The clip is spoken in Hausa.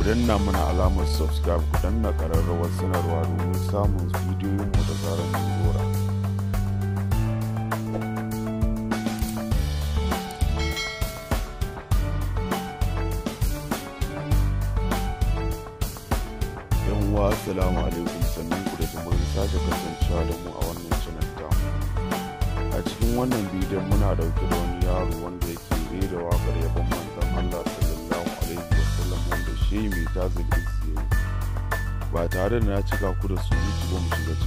ku danna mana alamar subscribe ku danna ƙararrawar sanarwa domin samun bidiyoyinmu da zarar mun dora yanwa assalamu alaikum sannan ku da jimurin sake kasancewa da mu a wannan channel tamu a cikin wannan bidiyon muna dauke da wani yaro wanda yake rera waƙar yabon shi mai tazin ACA ba tare da na cika ku da surutu ba mu shiga